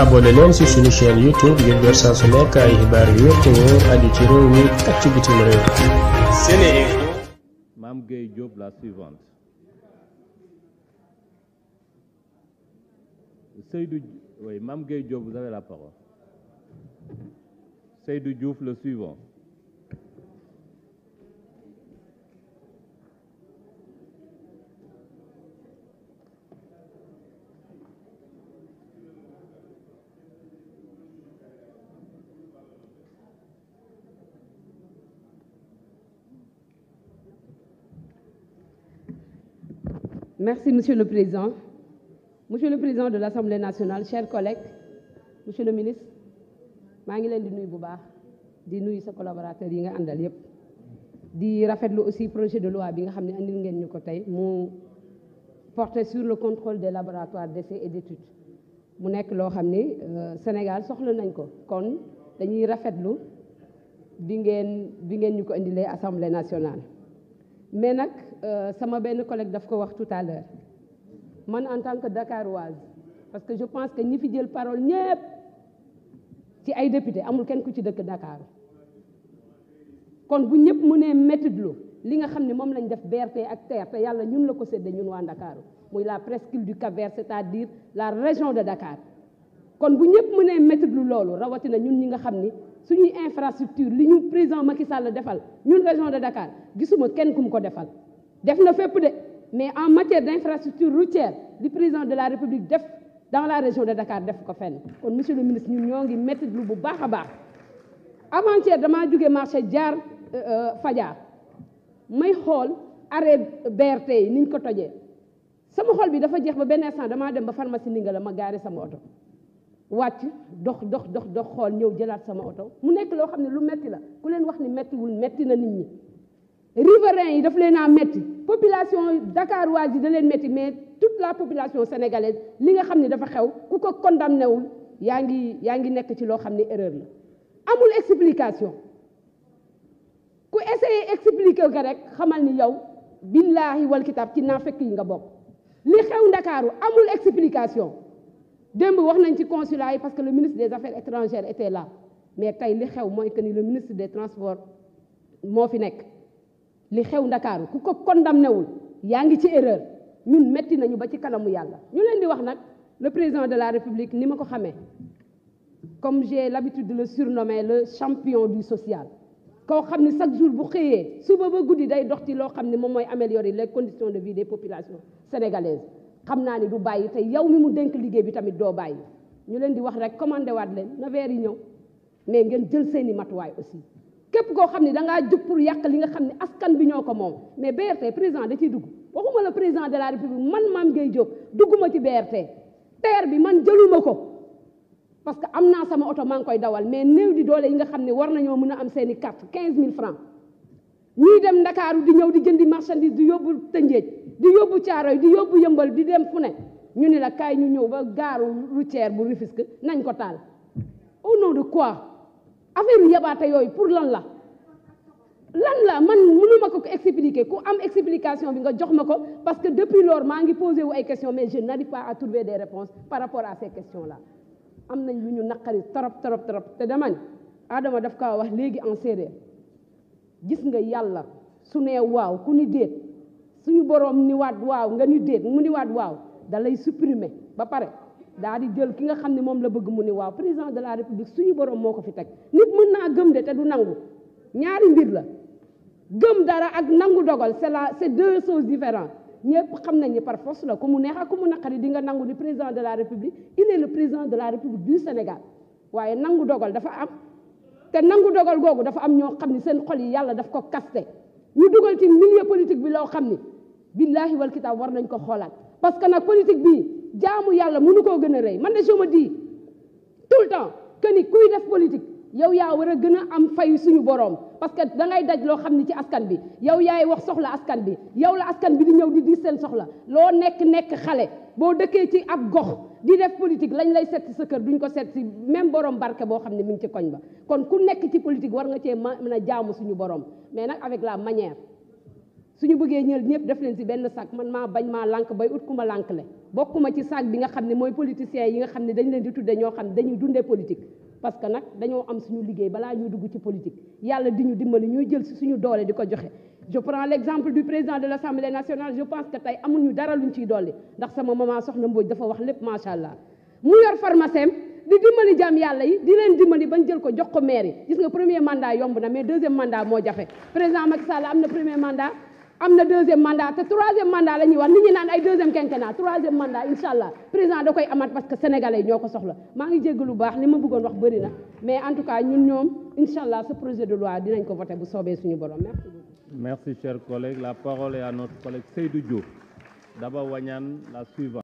abonné leen ci suñu chaîne YouTube ngir jot saa su nekk ay xibaar yu wér te wóor aju ci réew mi ak ci bitim réew. Mame Gueye Diop la suivante. Seydou oui Mame Gueye Diop vous avez la parole. Seydou Diouf le suivant. Merci, Monsieur le Président. Monsieur le Président de l'Assemblée nationale, chers collègues, Monsieur le ministre, maa ngi leen di nuyu bu baax di nuyu sa collaborateurs yi nga àndal yëpp di rafetlu aussi projet de loi bi nga xam ne andil ngeen ñu ko tey mu porté sur le contrôle des laboratoires d'essais et d'études mu nekk loo xam ni euh, Sénégal soxla nañ ko kon dañuy rafetlu bi ngeen bi ngeen ñu ko indilee Assemblée nationale mais nag euh, sama benn collègue daf ko wax tout à man en tant que dakaroise parce que je pense que ñi fi jël parole ñëpp ci ay député amul kenn ku ci dëkk Dakar kon bu ñëpp mu nee méttitlu li nga xam ni moom lañ def BRT ak TRT yàlla ñun la ko séddee ñun waa Ndakaaru muy la presqu'île du cap cest c'est-à-dire la région de Dakar kon bu ñëpp mu nee méttitlu loolu rawatina ñun ñi nga xam ni suñuy infrastructure li ñu président Macky Sall defal ñun région de Dakar gisuma kenn ku mu ko defal def na fépp de mais en matière d'infrastructure routière di président de la République def dans la région de Dakar def ko fenn kon monsieur le ministre ñun ñoo ngi métti lu bu baax a baax avantière hier damaa jóge marché jaar euh, euh, Fajar may xool arrêt BRT yi niñ ko tojee sama xool bi dafa jeex ba benn instant damaa dem ba pharmacie Ndingala ma gaari sama oto wàcc dox dox dox dox xool ñëw jëlaat sama oto mu nekk loo xam ne lu metti la ku leen wax ni mettiwul metti na nit ñi riverains yi daf leen a metti population dakaroise yi da leen metti mais toute la population sénégalaise li nga xam ne dafa xew ku ko condamné yaa ngi yaa ngi nekk ci loo xam ne erreur la amul explication ku essayer expliquer ko rek xamal ni yow billaahi wal ci naa fekk yi nga bokk li xew ndakaaru amul explication démb wax nañ ci consulat yi parce que le ministre des affaires étrangères était là mais tey li xew mooy que ni le ministre des transports moo fi nekk li xew ndakaaru ku ko condamné wul yaa ngi ci erreur ñun metti nañu ba ci kanamu yàlla ñu leen di wax nag le président de la république ni ma ko xamee comme j'ai l'habitude de le surnommer le champion du social koo xam ni chaque jour bu xëyee suba ba guddi day dox ci loo xam ne moom mooy améliorer les conditions de vie des populations sénégalaises xam naa ni du bàyyi te yow mi mu dénk liggéey bi tamit doo bàyyi ñu leen di wax rek commandé waat leen na weer yi ñëw mais ngeen jël seeni matuwaay aussi képp koo xam ne dangaa jóg pour yàq li nga xam ne askan bi ñoo ko moom mais berte président da ciy dugg waxuma la président de la république man Mame Gueye Diop dugguma ci BRT terre bi man jëluma ko parce que am naa sama oto maa ngi koy dawal mais néew di doole yi nga xam ne war nañoo mën a am seeni carte quinze mille francs ñuy dem ndakaaru di ñëw di jëndi marchandise di yóbbu tënjeej di yóbbu caaroy di yóbbu yëmbal di dem fu ne ñu ni la kaay ñu ñëw ba gaaru routière bu Rufisque nañ ko taal au nom de quoi affaire yu yabaate yooyu pour lan la lan la man mënuma ko expliquer ku am explication bi nga jox ma ko parce que depuis lors maa ngi posé wu ay questions mais je n'arrive a à trouver des réponses par rapport a ces questions là am nañ lu ñu naqari trop trop trop te dama ne daf kaa wax léegi en séeréer gis nga yàlla su nee waaw ku ni déet suñu boroom niwaat waaw nga ni déet mu niwaat waaw da lay supprimer ba pare daa di jël ki nga xam ne moom la bëgg mu ni waaw président de la république suñu boroom moo ko fi teg nit mën naa gëm de te du nangu ñaari mbir la gëm dara ak nangu dogal c'est la c'est deux sos différentes ñëpp xam nañ ni par force la ku mu neex ak ku mu naqari di nga nangu ni président de la république il est le président de la république du Sénégal waaye te nangu dogal googu dafa am ñoo xam ne seen xol yi yàlla daf ko kaste ñu dugal ci milieu politique bi loo xam ne billaahi wal kitaab war nañ ko xoolaat parce que nag politique bii jaamu yàlla mënu koo gën a rey man de je me dis tout le temps que ni kuy def politique yow yaa war a gën a am fay suñu boroom parce que da daj loo xam ne ci askan bi yow yaay wax soxla askan bi yow la askan bi di ñëw di di seen soxla loo nekk nekk xale boo dëkkee ci ab gox di def politique lañ lay seet si sa kër duñ ko seet si même borom barke boo xam ne mi ngi ci koñ ba kon ku nekk ci politique war nga cee mën a jaamu suñu borom mais nag avec la manière suñu bëggee ñël ñëpp def leen si benn sac man maa bañ maa lànk bay ut ku ma lànk le bokkuma ci sac bi nga xam ne mooy politiciens yi nga xam ne dañ leen di tudde ñoo xam ne dañuy dundee politique parce que nag dañoo am suñu liggéey balaa ñuy dugg ci politique yàlla di ñu dimbali ñuy jël si suñu doole di ko joxe je prends l'exemple du président de l'Assemblée nationale je pense que tey amuñu dara luñ ciy dolli ndax sama maman Soxna Mbodj dafa wax lépp macha allah mu yor pharmacien di dimbali jaam yàlla yi di leen dimbali bañ jël ko jox ko maire yi gis nga premier mandat yomb na mais deuxième mandat moo jafe président Macky Sall am na premier mandat am na deuxième mandat te troisième mandat la wax nit ñi naan ay deuxième quinquennat troisième mandat incha allah président da koy amaat parce que sénégalais ñoo ko soxla maa ngi jégg lu baax li ma bëggoon wax bëri na mais en tout cas ñun ñoom incha allah ce projet de loi dinañ ko voter bu soobee suñu borom merci beaucoup. merci chers collègues la parole est à notre collègue Seydou Diop Daba Wañaan la suivante.